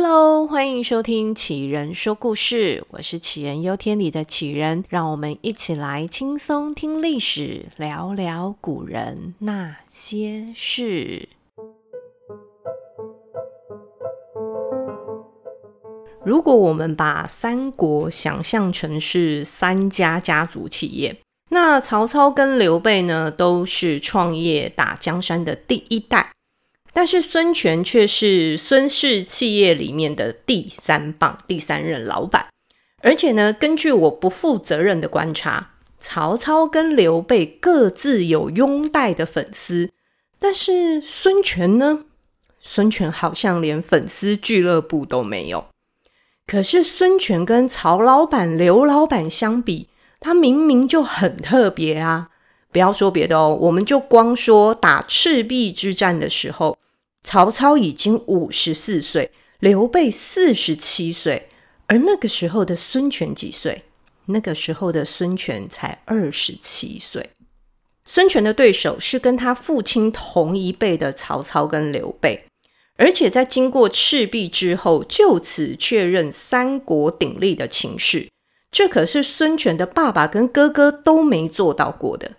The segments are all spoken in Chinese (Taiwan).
Hello，歡迎收聽《杞人說故事》，我是《杞人憂天》裡的杞人，讓我們一起來輕鬆聽歷史，聊聊古人那些事。如果我們把三國想象成是三家家族企業，那曹操跟劉備呢，都是創業打江山的第一代。但是孫權卻是孫氏企業裡面的第三棒、第三任老闆，而且呢，根據我不負責任的觀察，曹操跟劉備各自有擁戴的粉絲，但是孫權呢，孫權好像連粉絲俱樂部都沒有。可是孫權跟曹老闆、劉老闆相比，他明明就很特別啊！不要說別的哦，我們就光說打赤壁之戰的時候。曹操已經五十四歲，劉備四十七歲，而那個時候的孫權幾歲？那個時候的孫權才二十七歲。孫權的對手是跟他父親同一輩的曹操跟劉備，而且在經過赤壁之後，就此確認三國鼎立的情勢，這可是孫權的爸爸跟哥哥都沒做到過的。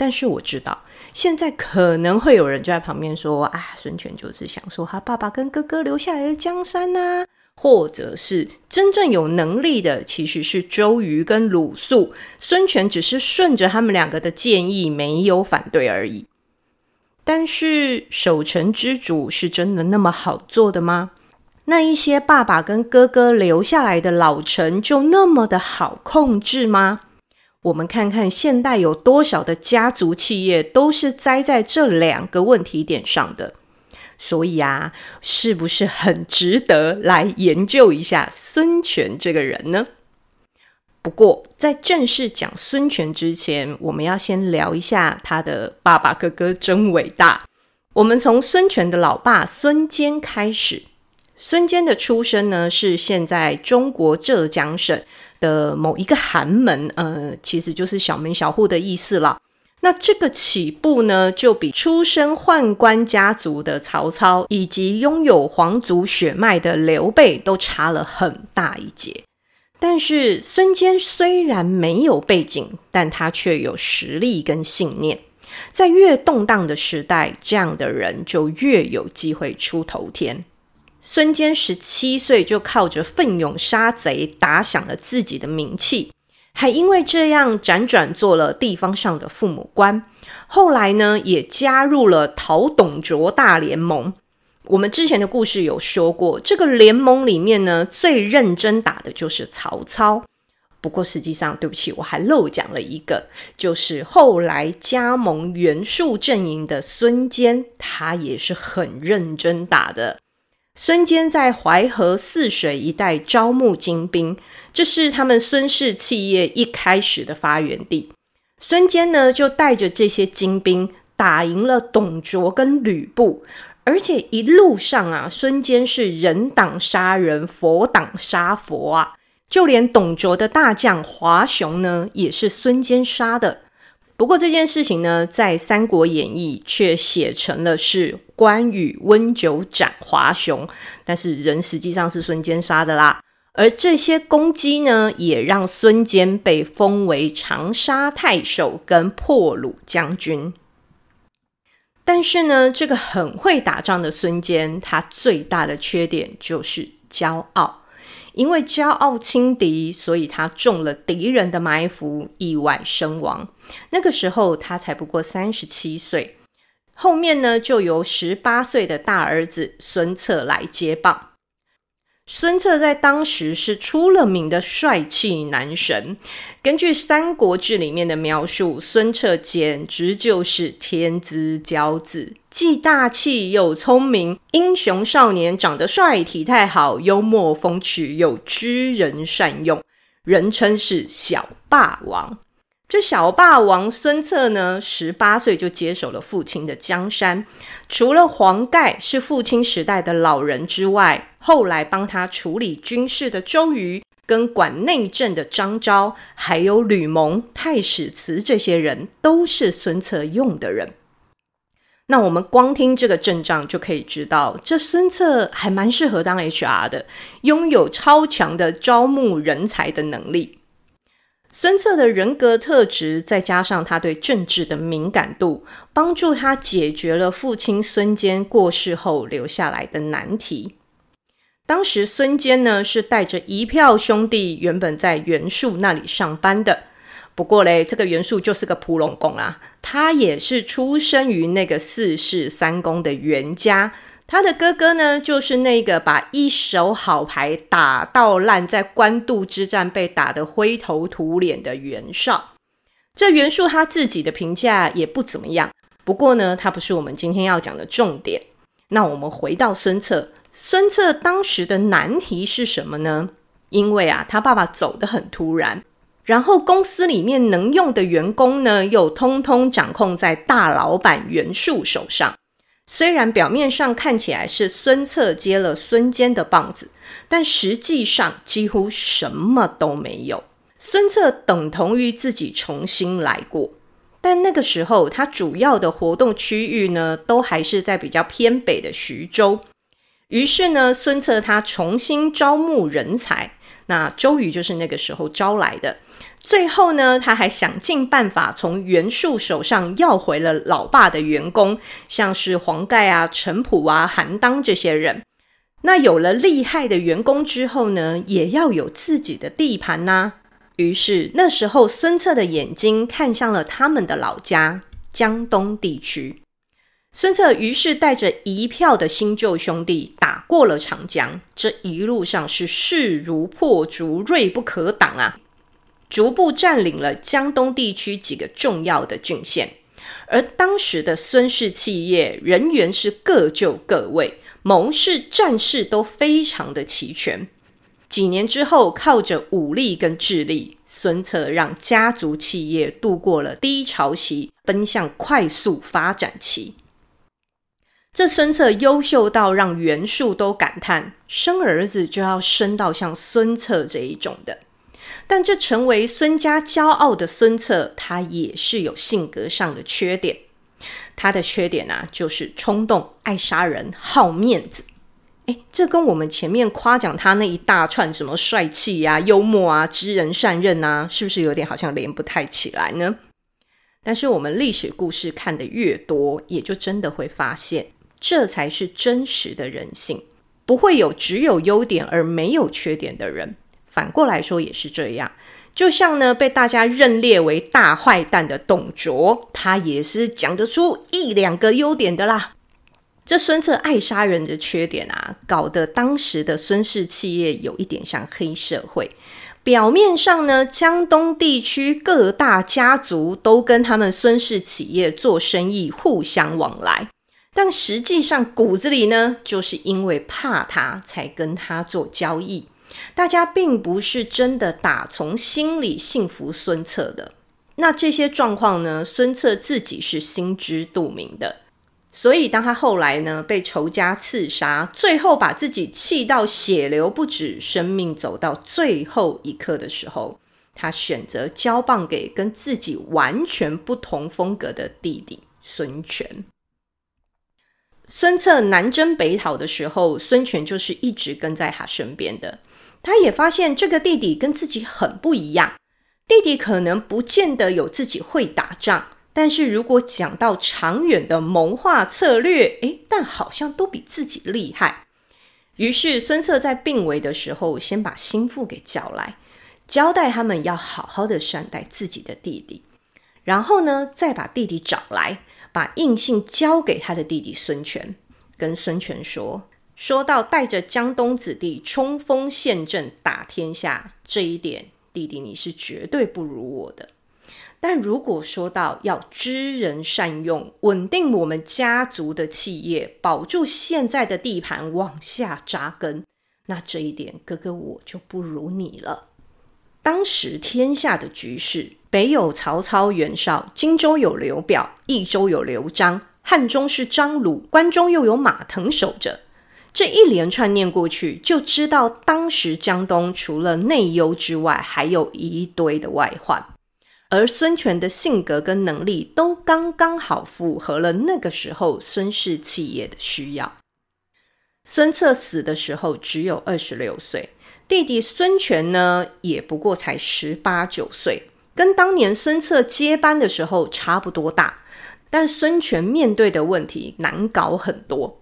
但是我知道，現在可能會有人就在旁邊說：“啊，孫權就是想說他爸爸跟哥哥留下來的江山吶、啊，或者是真正有能力的其實是周瑜跟魯肅，孫權只是順着他們兩個的建議，沒有反對而已。”但是守成之主是真的那麼好做的嗎？那一些爸爸跟哥哥留下來的老臣，就那麼的好控制嗎？我們看看現代有多少的家族企業都是栽在這兩個問題點上的，所以啊，是不是很值得來研究一下孫權這個人呢？不過，在正式講孫權之前，我們要先聊一下他的爸爸哥哥真偉大。我們從孫權的老爸孫堅開始。孫堅的出身呢，是現在中國浙江省的某一個寒門，呃，其實就是小門小戶的意思了。那這個起步呢，就比出身宦官家族的曹操以及擁有皇族血脈的劉備都差了很大一截。但是孫堅雖然沒有背景，但他卻有實力跟信念。在越動盪的時代，這樣的人就越有機會出頭天。孫堅十七歲就靠着奮勇殺賊打響了自己的名氣，還因為這樣輾轉做了地方上的父母官。後來呢，也加入了討董卓大聯盟。我們之前的故事有說過，這個聯盟裡面呢，最認真打的就是曹操。不過實際上，對不起，我還漏講了一個，就是後來加盟袁術陣營的孫堅，他也是很認真打的。孫堅在淮河泗水一帶招募精兵，這是他們孫氏企業一開始的發源地。孫堅呢，就帶着這些精兵，打贏了董卓跟呂布，而且一路上啊，孫堅是人擋殺人，佛擋殺佛啊，就連董卓的大將華雄呢，也是孫堅殺的。不過這件事情呢，在《三國演義》卻寫成了是關羽溫酒斬華雄，但是人實際上是孫堅殺的啦。而這些攻擊呢，也讓孫堅被封為長沙太守跟破虜將軍。但是呢，這個很會打仗的孫堅，他最大的缺點就是驕傲。因為驕傲輕敵，所以他中了敵人的埋伏，意外身亡。那個時候他才不過三十七歲，後面呢，就由十八歲的大兒子孫策來接棒。孫策在當時是出了名的帥氣男神。根據《三國志》裡面的描述，孫策簡直就是天之驕子，既大氣又聰明，英雄少年，長得帥，體態好，幽默風趣，又知人善用，人稱是小霸王。這小霸王孫策呢，十八歲就接手了父親的江山。除了黃蓋是父親時代的老人之外，後來幫他處理軍事的周瑜，跟管內政的張昭，還有呂蒙、太史慈這些人，都是孫策用的人。那我們光聽這個陣仗就可以知道，這孫策還蠻適合當 HR 的，擁有超強的招募人才的能力。孫策的人格特質，再加上他對政治的敏感度，幫助他解決了父親孫堅過世後留下來的難題。當時孫堅呢，是帶着一票兄弟，原本在袁術那裡上班的。不過嘞，這個袁術就是個蒲隆公啦，他也是出生於那個四世三公的袁家。他的哥哥呢，就是那個把一手好牌打到爛，在官渡之戰被打得灰頭土臉的袁紹。這袁術他自己的評價也不怎麼樣。不過呢，他不是我們今天要講的重點。那我們回到孫策，孫策當時的難題是什麼呢？因為啊，他爸爸走得很突然，然後公司裡面能用的員工呢，又通通掌控在大老闆袁術手上。雖然表面上看起來是孫策接了孫堅的棒子，但實際上幾乎什麼都沒有。孫策等同於自己重新來過，但那個時候他主要的活動區域呢，都還是在比較偏北的徐州。於是呢，孫策他重新招募人才，那周瑜就是那個時候招來的。最後呢，他還想盡辦法從袁術手上要回了老爸的員工，像是黃蓋啊、程普啊、韓當這些人。那有了厲害的員工之後呢，也要有自己的地盤吶、啊。於是那時候，孫策的眼睛看向了他們的老家江東地區。孫策於是帶着一票的新舊兄弟，打過了長江。這一路上是勢如破竹，銳不可擋啊！逐步占領了江東地區幾個重要的郡縣，而當時的孫氏企業人員是各就各位，謀士、戰士都非常的齊全。幾年之後，靠着武力跟智力，孫策讓家族企業度過了低潮期，奔向快速發展期。這孫策優秀到讓袁術都感嘆：生兒子就要生到像孫策這一種的。但這成為孫家驕傲的孫策，他也是有性格上的缺點。他的缺點呢、啊，就是衝動、愛殺人、好面子。誒，這跟我們前面誇獎他那一大串什麼帥氣呀、啊、幽默啊、知人善任吶、啊，是不是有點好像連不太起來呢？但是我們歷史故事看得越多，也就真的會發現，這才是真實的人性。不會有只有優點而沒有缺點的人。反過來說也是這樣，就像呢被大家認列為大壞蛋的董卓，他也是講得出一兩個優點的啦。這孫策愛殺人的缺點啊，搞得當時的孫氏企業有一點像黑社會。表面上呢，江東地區各大家族都跟他們孫氏企業做生意，互相往來，但實際上骨子裡呢，就是因為怕他才跟他做交易。大家並不是真的打從心裡信服孫策的，那這些狀況呢，孫策自己是心知肚明的。所以，當他後來呢被仇家刺殺，最後把自己氣到血流不止，生命走到最後一刻的時候，他選擇交棒給跟自己完全不同風格的弟弟孫權。孫策南征北討的時候，孫權就是一直跟在他身邊的。他也發現這個弟弟跟自己很不一樣，弟弟可能不見得有自己會打仗，但是如果講到長遠的謀劃策略，誒，但好像都比自己厲害。於是孫策在病危的時候，先把心腹給叫來，交代他們要好好的善待自己的弟弟，然後呢，再把弟弟找來，把印信交給他的弟弟孫權，跟孫權說。說到帶着江東子弟衝鋒陷陣打天下這一點，弟弟你是絕對不如我的。但如果說到要知人善用，穩定我們家族的企業，保住現在的地盤往下紮根，那這一點哥哥我就不如你了。當時天下的局勢，北有曹操、袁紹，荊州有劉表，益州有劉璋，漢中是張魯，關中又有馬騰守着。這一連串念過去，就知道當時江東除了內憂之外，還有一堆的外患。而孫權的性格跟能力，都剛剛好符合了那個時候孫氏企業的需要。孫策死的時候只有二十六歲，弟弟孫權呢，也不過才十八九歲，跟當年孫策接班的時候差不多大。但孫權面對的問題難搞很多。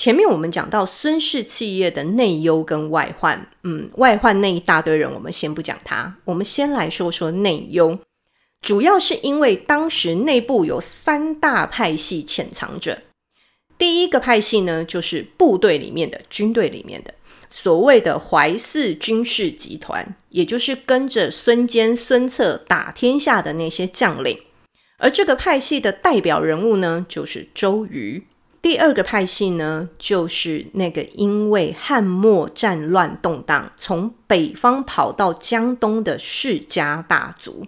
前面我們講到孫氏企業的內憂跟外患，嗯，外患那一大堆人我們先不講它，我們先來說說內憂，主要是因為當時內部有三大派系潛藏着。第一個派系呢，就是部隊裡面的、軍隊裡面的所謂的淮泗軍事集團，也就是跟着孫堅、孫策打天下的那些將領，而這個派系的代表人物呢，就是周瑜。第二個派系呢，就是那個因為漢末戰亂動盪，從北方跑到江東的世家大族。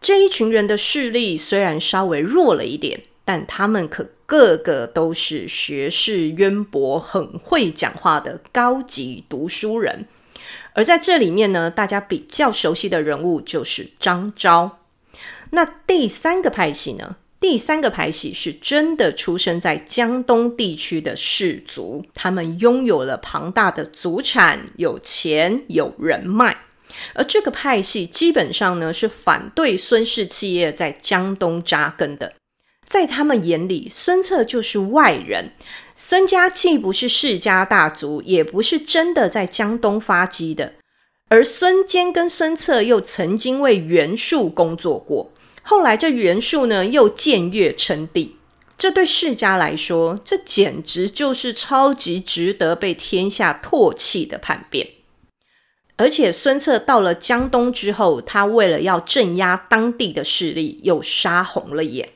這一群人的勢力雖然稍微弱了一點，但他們可個個都是學識淵博、很會講話的高級讀書人。而在這裡面呢，大家比較熟悉的人物就是張昭。那第三個派系呢？第三個派系是真的出生在江東地區的士族，他們擁有了龐大的祖產，有錢有人脈，而這個派系基本上呢是反對孫氏企業在江東紮根的。在他們眼裡，孫策就是外人，孫家既不是世家大族，也不是真的在江東發跡的。而孫堅跟孫策又曾經為袁術工作過。後來這袁術呢，這袁術呢又僭越稱帝，這對世家來說，這簡直就是超級值得被天下唾棄的叛變。而且，孫策到了江東之後，他為了要鎮壓當地的勢力，又殺紅了眼，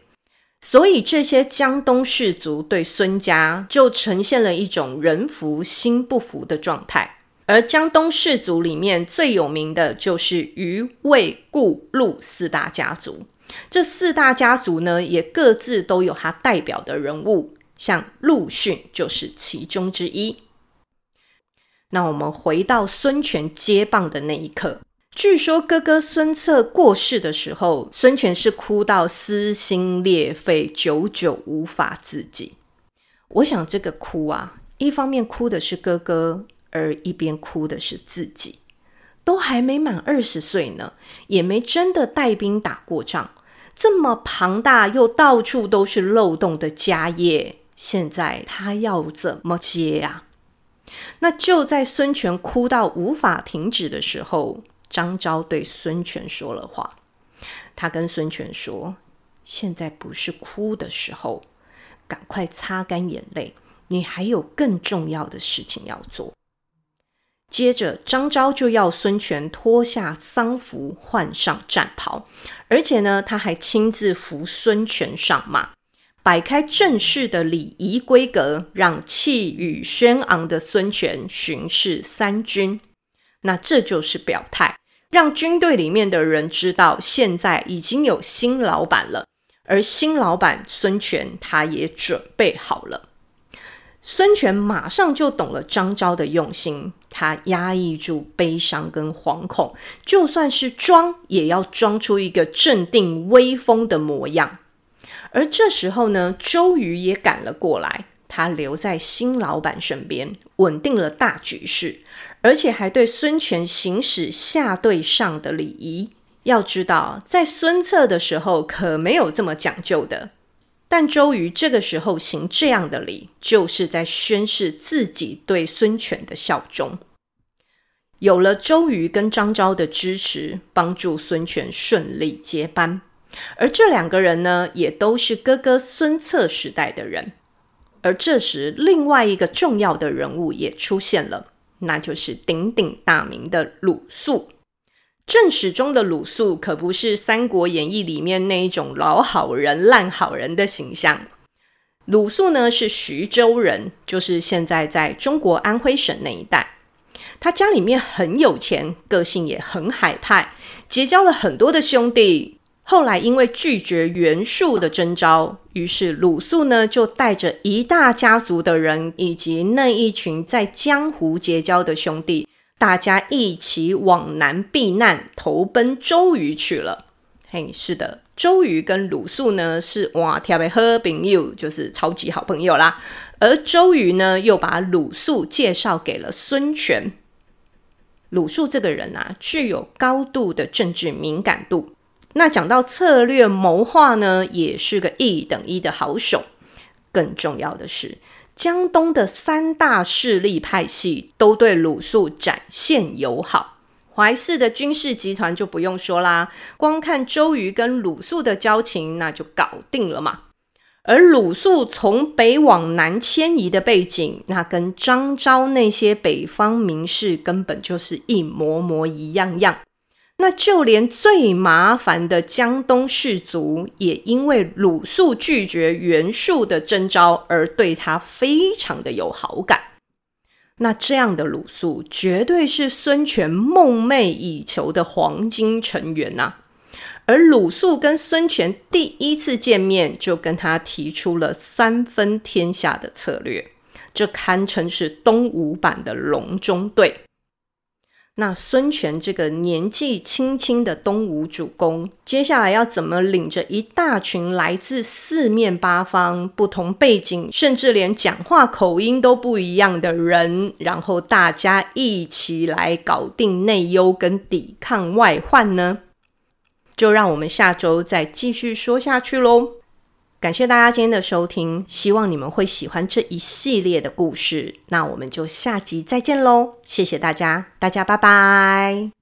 所以這些江東士族對孫家就呈現了一種人服心不服的狀態。而江東士族裡面最有名的就是虞、魏、顧、陸四大家族。這四大家族呢，也各自都有他代表的人物，像陸遜就是其中之一。那我們回到孫權接棒的那一刻，據說哥哥孫策過世的時候，孫權是哭到撕心裂肺，久久無法自已。我想這個哭啊，一方面哭的是哥哥，而一邊哭的是自己，都還沒滿二十歲呢，也沒真的帶兵打過仗。這麼龐大又到處都是漏洞的家業，現在他要怎麼接啊？那就在孫權哭到無法停止的時候，張昭對孫權說了話。他跟孫權說：“現在不是哭的時候，趕快擦乾眼淚，你還有更重要的事情要做。”接着，張昭就要孫權脫下喪服，換上戰袍，而且呢，他還親自扶孫權上馬，擺開正式的禮儀規格，讓氣宇軒昂的孫權巡視三軍。那這就是表態，讓軍隊裡面的人知道，現在已經有新老板了，而新老板孫權他也準備好了。孫權馬上就懂了張昭的用心。他壓抑住悲傷跟惶恐，就算是裝，也要裝出一個鎮定威風的模樣。而這時候呢，周瑜也趕了過來，他留在新老板身邊，穩定了大局勢，而且還對孫權行使下對上的禮儀。要知道，在孫策的時候，可沒有這麼講究的。但周瑜這個時候行這樣的禮，就是在宣誓自己對孫權的效忠。有了周瑜跟張昭的支持，幫助孫權順利接班。而這兩個人呢，也都是哥哥孫策時代的人。而這時，另外一個重要的人物也出現了，那就是鼎鼎大名的魯肅。正史中的魯肅可不是《三國演義》裡面那一種老好人、爛好人的形象。魯肅呢是徐州人，就是現在在中國安徽省那一帶。他家裡面很有錢，個性也很海派，結交了很多的兄弟。後來因為拒絕袁術的徵召，於是魯肅呢就帶着一大家族的人以及那一群在江湖結交的兄弟。大家一起往南避難，投奔周瑜去了。嘿，是的，周瑜跟魯肅呢是哇，特別好朋友，就是超級好朋友啦。而周瑜呢，又把魯肅介紹給了孫權。魯肅這個人啊，具有高度的政治敏感度，那講到策略謀劃呢，也是個一等一的好手。更重要的是。江東的三大勢力派系都對魯肅展現友好，淮泗的軍事集團就不用說啦。光看周瑜跟魯肅的交情，那就搞定了嘛。而魯肅從北往南遷移的背景，那跟張昭那些北方名士根本就是一模模一樣樣。那就連最麻煩的江東士族也因為魯肅拒絕袁術的徵召而對他非常的有好感。那這樣的魯肅絕對是孫權夢寐以求的黃金成員吶、啊。而魯肅跟孫權第一次見面就跟他提出了三分天下的策略，這堪稱是東吳版的隆中對。那孫權這個年紀輕輕的東吳主公，接下來要怎麼領着一大群來自四面八方、不同背景，甚至連講話口音都不一樣的人，然後大家一起來搞定內憂跟抵抗外患呢？就讓我們下周再繼續說下去嘍。感謝大家今天的收聽，希望你們會喜歡這一系列的故事。那我們就下集再見嘍，謝謝大家，大家拜拜。